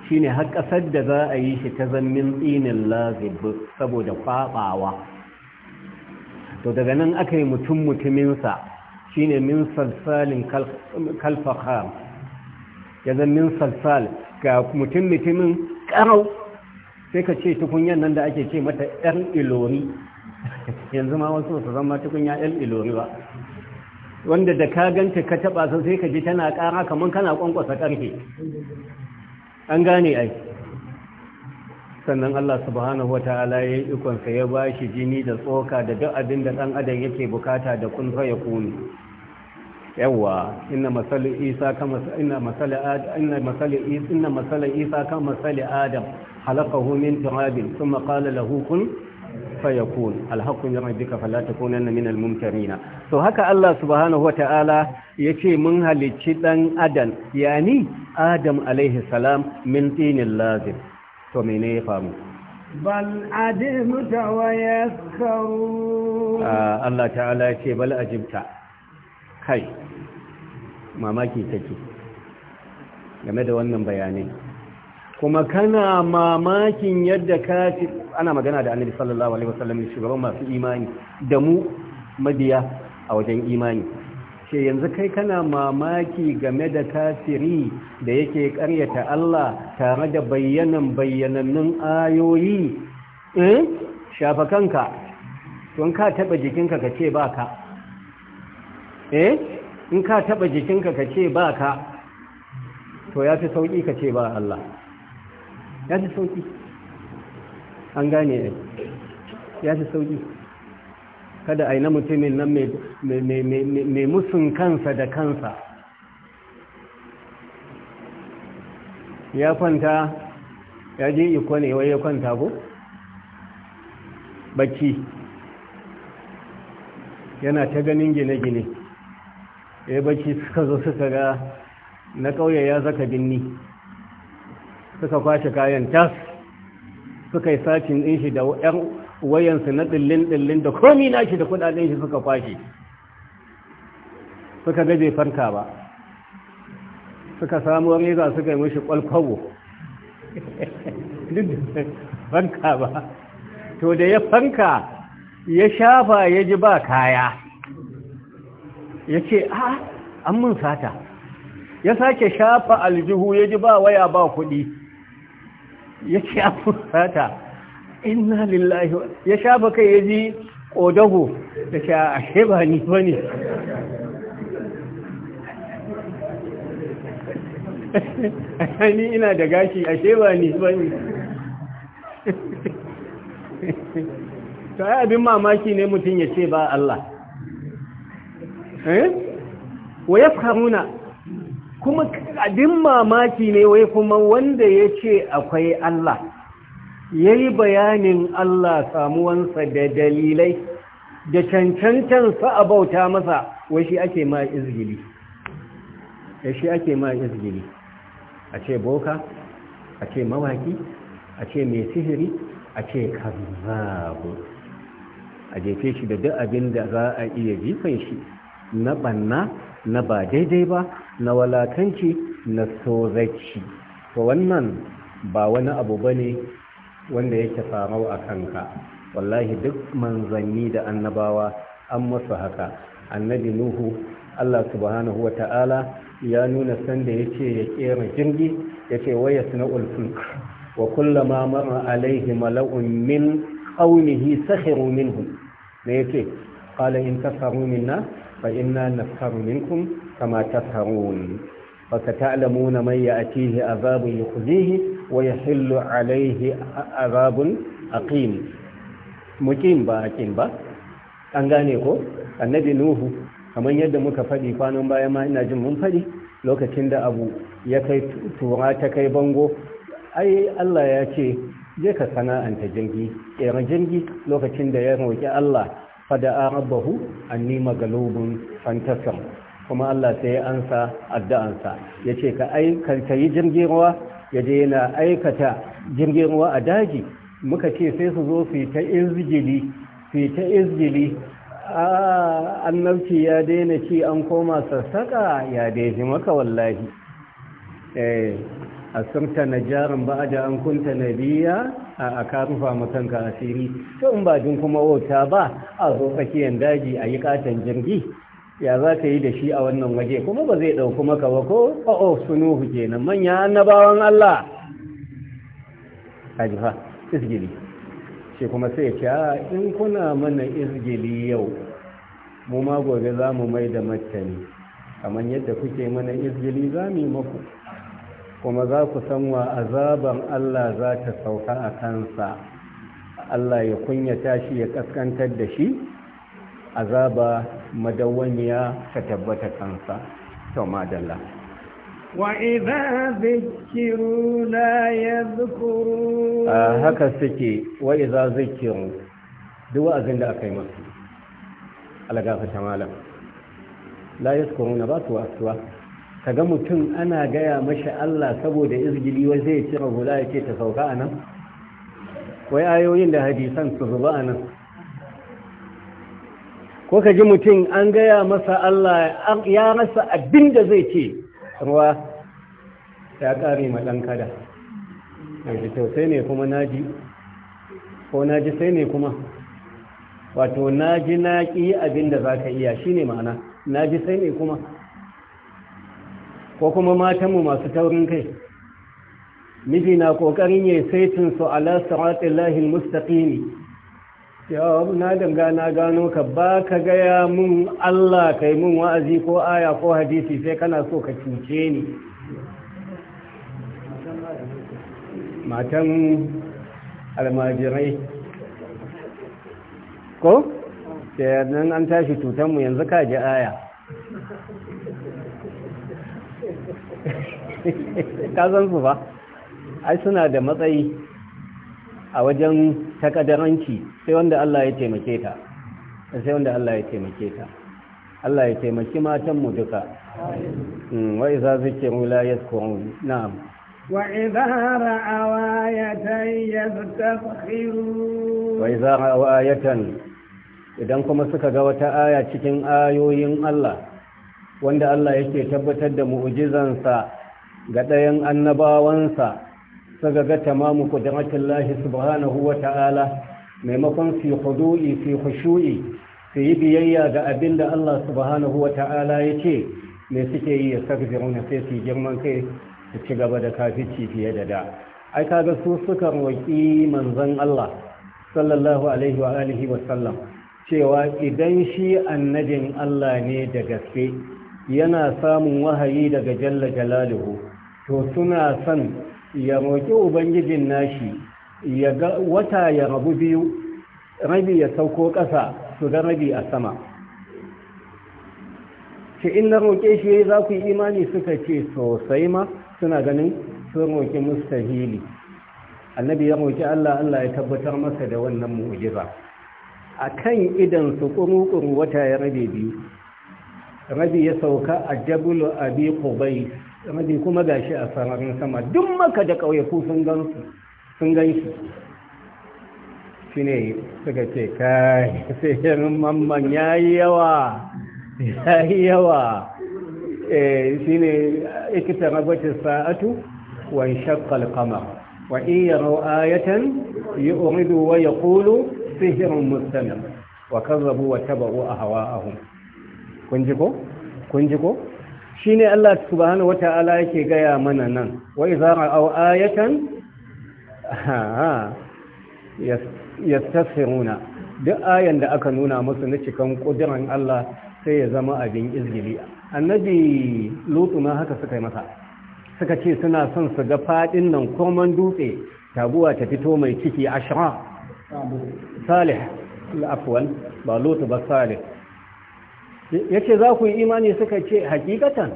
shi ne har ƙasar da za a yi shi ta zammin tsinin lazib saboda kwaɓawa to daga nan aka yi mutum mutuminsa shi ne min salsalin kalfahar ya zammin salsal ga mutum mutumin karau sai ka ce tukunyan nan da ake ce mata yan ilori yanzu ma wasu su zama tukunya yan ilori ba wanda da ka ganta ka taba sun sai ka ji tana kara kamar kana kwankwasa karfe an gane ai sannan Allah subhanahu ta'ala ya yi ikonsa ya ba jini da tsoka da duk abin da ɗan adam yake bukata da kun ya kuni yawa inna masali isa kama masali adam isa inna masali kama masali adam halaqahu min turabin thumma qala lahu fayakun alhaqqu min rabbika fala takunanna min almumtarina to haka Allah subhanahu ya ce mun halicci dan adam yani adam alaihi salam min tinil lazim to mene ya famu bal ajibta wa yaskaru ah, Allah ta'ala ce bal ajibta kai mamaki take game da wannan bayanai kuma kana mamakin yadda ka ana magana da annabi sallallahu alaihi wasallam shugaban masu imani da mu mabiya a wajen imani ce yanzu kai kana mamaki game da kafiri da yake karyata Allah tare da bayyanan bayyanannun ayoyi eh shafa kanka tun ka taba jikinka ka ce baka eh in ka taba jikinka ka ce ba ka to ya fi sauƙi ka ce ba Allah ya fi sauƙi an gane ne ya fi sauƙi kada a yi na mutumin nan mai musun kansa da kansa ya kwanta ya je iko ne wai ya kwanta ko? bacci yana ta ganin gine-gine ya bacci suka zo suka ga na ƙauye ya zaka binni suka kwashe kayan tas suka yi sacin ɗin shi da ƴan wayansu na ɗillin-ɗillin da komi na shi da kuɗaɗen shi suka kwashe suka ga bai farka ba suka samu za suka yi mashi ƙwalƙwabo duk da farka ba to da ya farka ya shafa ya ji ba kaya ya ce a an mun sata ya sake shafa aljihu ya ji ba waya ba kuɗi ya ce an mun sata inna lillahi ya shafa kai ya ji ƙodago da ke a ba ni ba ne ni ina da gashi a ba ni ba ne ta abin mamaki ne mutum ya ce ba Allah Eh? wa yafharuna kuma abin mamaki ne wai kuma wanda ya ce akwai Allah ya yi bayanin Allah samuwansa da dalilai da cancancan a bauta masa wai shi ake ma izgili ya shi ake ma izgili a ce boka a ce mawaki a ce mai sihiri a ce kazzabu a jefe shi da duk abin da za a iya jifan shi na banna na ba daidai ba na walakanci na sozaci to wannan ba wani abu ba ne wanda yake samau a kanka wallahi duk manzanni da annabawa an masu haka annabi nuhu allah subhanahu wa ta'ala ya nuna sanda ya ce ya kera jirgi ya ce waya suna ulfin wa kullama mara alaihi mala'un min ƙaunihi sahiru minhu da ya ce in tasaru minna fa inna nasharu minkum kama tasharun فستعلمون من يأتيه عذاب يخزيه ويحل عليه عذاب أقيم مقيم با أقيم با an gane ko annabi nuhu kamar yadda muka faɗi kwanan bayan ma ina jin mun faɗi lokacin da abu ya kai tura ta kai bango ai Allah ya ce je ka sana'anta jirgi ƙera jirgi lokacin da ya roƙi Allah fada'a rabbahu anni magalubun fantasar kuma Allah sai ya ansa addu'ansa yace ka aikata yi jirgin ruwa yaje yana aikata jirgin ruwa a daji muka ce sai su zo su ta izgili su ta izgili a annabci ya daina ci an koma sassaka ya daji maka wallahi eh a sirta na jarin ba da an kunta na biya a aka rufa ka asiri to in bajin kuma wauta ba a zo tsakiyar daji a yi katon jirgi ya za ka yi da shi a wannan waje kuma ba zai ɗauku maka ba ko o'o sunuhu kenan manya annabawan Allah ajiha izgili shi kuma sai ya ce in kuna mana izgili yau mu ma gobe za mu mai da martani kamar yadda kuke mana izgili za mu yi maku kuma za ku san wa azaban Allah za ta sauka a kansa Allah ya kunyata shi ya kaskantar da shi azaba madawwamiya ta tabbata kansa to madalla وإذا ذكروا لا يذكرون هكا سكي وإذا ذكروا دواء زند أكي مصر على قافة مالا لا يذكرون باتوا أسوا Ka ga mutum ana gaya mashi Allah saboda izgili wai zai cire hula yake ta sauka a nan wai ayoyin da hadisan su zuba a nan ko ka ji mutum an gaya masa Allah ya rasa abin da zai ce ruwa ya ƙare ma ɗan kada to sai ne kuma naji ko naji sai ne kuma wato naji na ƙi abin za ka iya shine ne ma'ana naji sai ne kuma ko kuma matanmu masu taurin kai miji na kokarin yin saitin su ala siratil lahi mustaqim ya na danga na gano ka ba ka gaya mun Allah kai mun wa'azi ko aya ko hadisi sai kana so ka cuce ni matan almajirai ko? nan an tashi cutanmu yanzu ka ji aya ka san su ba ai suna da matsayi a wajen takadaranci sai wanda Allah ya taimake ta sai wanda Allah ya taimake ta Allah ya taimaki mu duka hmm, wa iza zikiru la yadhkurun na'am wa iza ra'a ayatan yastakhirun wa iza ra'a ayatan idan kuma suka ga wata aya cikin ayoyin Allah wanda Allah yake tabbatar da mu'ujizansa ga ɗayan annabawansa suka ga tamamu kudratillahi subhanahu wa ta'ala maimakon fi hudu'i fi khushu'i su yi biyayya ga abin da Allah subhanahu wa ta'ala ya ce me suke yi ya sakfiruna sai su girman kai su ci gaba da kafici fiye da da ai kaga su suka roƙi manzon Allah sallallahu alaihi wa alihi wa sallam cewa idan shi annabin Allah ne da gaske yana samun wahayi daga jalla jalaluhu to suna son ya roƙi ubangijin nashi ya wata ya rabu biyu rabi ya sauko ƙasa su ga rabi a sama ce in na roƙe shi za ku yi imani suka ce sosai ma suna ganin sun roƙi mustahili annabi ya roƙi Allah Allah ya tabbatar masa da wannan mu'jiza akan idan su kuru-kuru wata ya rabe biyu rabi ya sauka a jabulu abi qubai rabi kuma gashi a sararin sama duk maka da ku sun gan sun gan shi ne suka ce kai sai yan mamman ya yi yawa ya yi yawa eh shine ikitarabatis sa'atu wa inshaqqa yi qamar wa ya kulu sihirin musamman wa kan rabu mustamir wa kazzabu wa hawa ahwa'ahum kun ji ko kunji ko shine Allah subhanahu wata'ala yake gaya mana nan wa idza ra'aw ayatan yastasiruna duk ayan da aka nuna musu na cikan kudiran Allah sai ya zama abin izgili annabi lutu ma haka suka yi masa suka ce suna son su ga fadin nan koman dutse tabuwa ta fito mai ciki ashra salih afwan ba lutu ba salih yace za ku yi imani suka ce hakikatan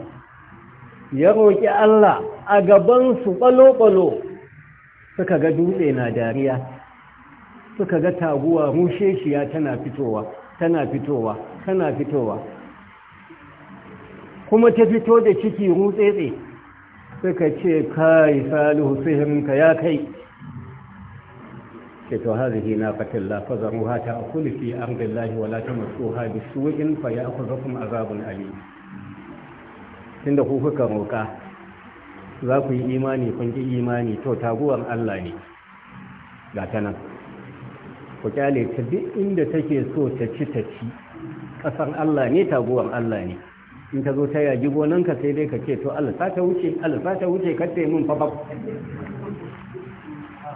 ya roƙi Allah a gaban su ɓalo-ɓalo suka ga dutse na dariya suka ga taguwa rushe rusheshiya tana fitowa tana fitowa tana fitowa kuma ta fito da ciki rutsetse suka ce kai salihu sihirinka ya kai ce to hazihi naqatul la fazaruha ta'kulu fi ardillahi wa la tamassuha bisu'in fa ya'khudhukum azabun Ali, tunda ku kuka roka za ku yi imani kun ki imani to taguwar Allah ne ga ta nan ku kyale ta duk inda take so ta ci ta ci kasar Allah ne taguwar Allah ne in ta zo ta yaji gonanka sai dai ka ce to Allah ta ta wuce Allah ta ta wuce ka ce mun fa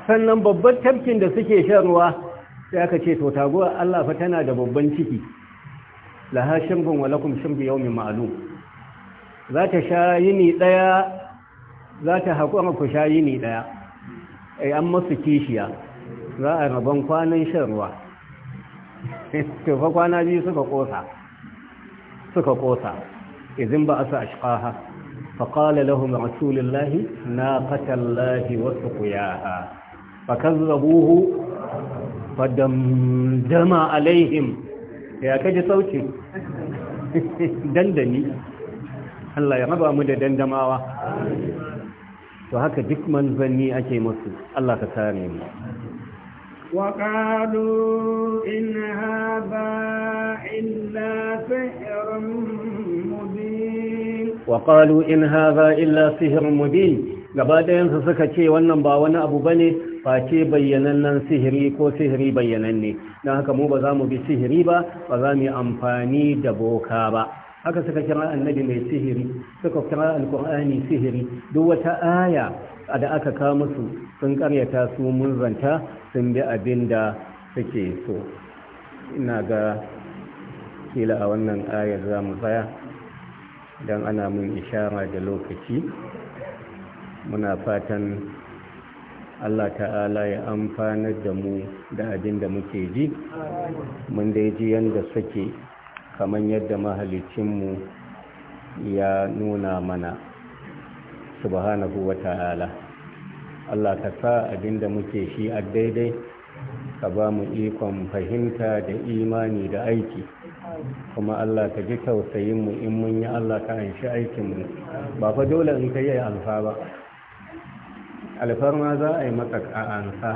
sannan babban tafkin da suke shan ruwa sai aka ce to taguwa Allah fa tana da babban ciki laha shambun wa lakum shambu yawmin ma'lum za ta sha yini daya za ta hakura ku sha yini daya ai an masu kishiya za a rabon kwanan shan ruwa to fa kwana biyu suka kosa suka kosa izin ba asa ashqaha فقال لهم رسول الله ناقة الله وسقياها fakazzabuhu fadamdama alaihim ya kaji sautin dandani Allah ya raba mu da dandamawa to haka duk manzanni ake masu. Allah ka kare mu وقالوا إن هذا إلا سحر مبين وقالوا إن هذا إلا سحر مبين gaba ɗayansu suka ce wannan ba wani abu ba ne face bayyanannen sihiri ko sihiri bayyananne don haka mu ba za mu bi sihiri ba ba za mu yi amfani da boka ba haka suka kira annabi mai sihiri suka kira alkur'ani sihiri duk wata aya da aka ka musu sun karyata su mun zanta sun bi abin da suke so ina ga kila a wannan ayar za mu tsaya don ana mun ishara da lokaci muna fatan Allah ta'ala ya amfanar da mu da abin da muke ji mun dai ji yanda suke kamar yadda mahalicinmu ya nuna mana subhanahu wa ta'ala Allah ka sa abin da muke shi a daidai ka ba mu ikon fahimta da imani da aiki kuma Allah ka ji tausayinmu in mun yi Allah ka an shi aikinmu ba fa dole in ka yi alfa ba alfarma za a yi mata a'ansa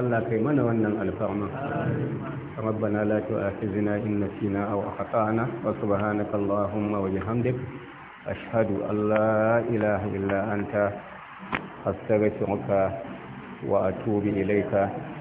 Allah kai mana wannan alfarma rabbana la tu'akhizna in nasina aw akhtana wa subhanaka allahumma wa bihamdik ashhadu an la ilaha illa anta astaghfiruka wa atubu ilayka